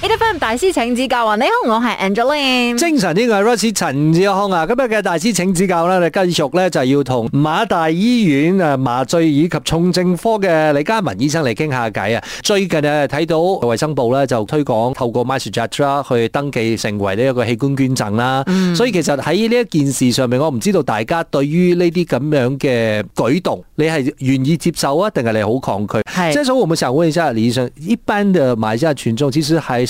大師請指教啊！你好，我係 Angeline。精神呢個係 Royce 陳志康啊！今日嘅大師請指教啦，你繼續咧就是，要同馬大醫院誒麻醉以及重症科嘅李嘉文醫生嚟傾下偈啊！最近啊睇到衛生部咧就推廣透過 MySejahtera 去登記成為呢一個器官捐贈啦，嗯，所以其實喺呢一件事上面，我唔知道大家對於呢啲咁樣嘅舉動，你係願意接受啊，定係你好抗拒？即係，這時候我們想問一下李醫生，一般的馬來西亞群眾其實係，即使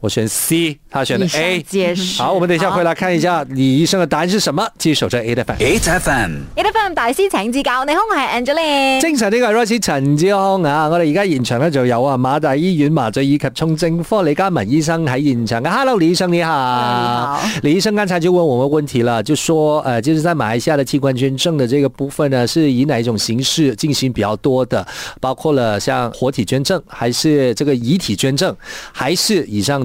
我選 C，他選的 A。好，我們等一下回來看一下李醫生的答案是什麼。繼續守在 AI FM。AI FM。AI FM，大師請指教。你好，我是 Angeline 精神呢個係 Royce 陳志康啊。我哋而家現場呢就有啊馬大醫院麻醉以及重症科李嘉文醫生喺現場嘅。Hello，李醫生你好，你好。李醫生剛才就問我們問題啦，就說誒、呃，就是在馬來西亞的器官捐贈的這個部分呢，是以哪一種形式進行比較多的？包括了像活體捐贈，還是這個遺體捐贈，還是以上？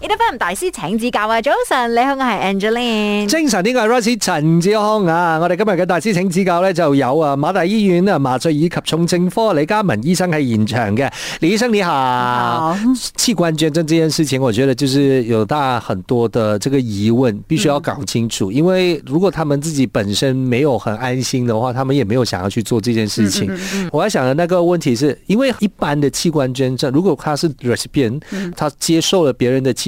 醫療法大師請指教啊！早晨，你好，我係 Angeline。精神啲嘅係 Russi 陳志康啊！我哋今日嘅大師請指教咧就有啊馬大醫院啊，麻醉以及重症科李嘉文醫生喺現場嘅。李醫生你好，哦。器官捐贈呢件事情，我覺得就是有大很多的這個疑問，必須要搞清楚，嗯。因為如果他們自己本身沒有很安心的話，他們也沒有想要去做這件事情。嗯嗯嗯嗯我想嘅那個問題是，是因為一般的器官捐贈，如果他是 r e s s p i e n 他接受了別人的器官。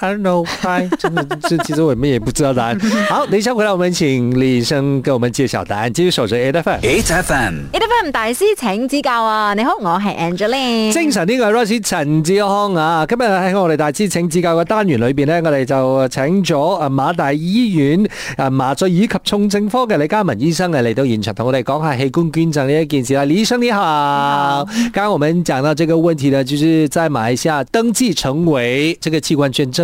I don't know. Hi， 真的，這其實我們也不知道答案。 好，等一下回來，我們請李醫生給我們揭曉答案。繼續守着 8FM。8FM，8FM 大師請指教啊！你好，我係 Angeline。精神呢個係 Royce 陳志康啊。今日喺我哋大師請指教嘅單元裏邊咧，我哋就請咗啊馬大醫院啊麻醉以及重症科嘅李嘉文醫生嚟到現場，同我哋講下器官捐贈呢一件事啊。李醫生你好。好。剛剛我們講到這個問題咧，就是在馬來西亞登記成為這個器官捐贈。